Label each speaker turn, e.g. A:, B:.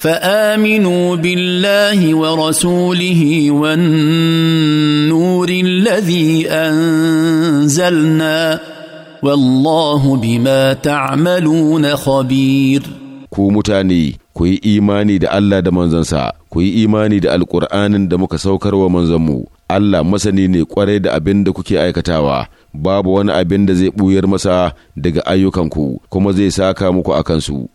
A: فامنوا بالله ورسوله والنور الذي انزلنا والله بما تعملون خبير ku
B: mutane ku yi imani da Allah da manzansa ku yi imani da alƙur'anin da muka saukar wa manzanmu Allah masani ne kwarai da abin da kuke aikatawa babu wani abin da zai ɓuyar masa daga ayyukanku kuma zai saka muku a kansu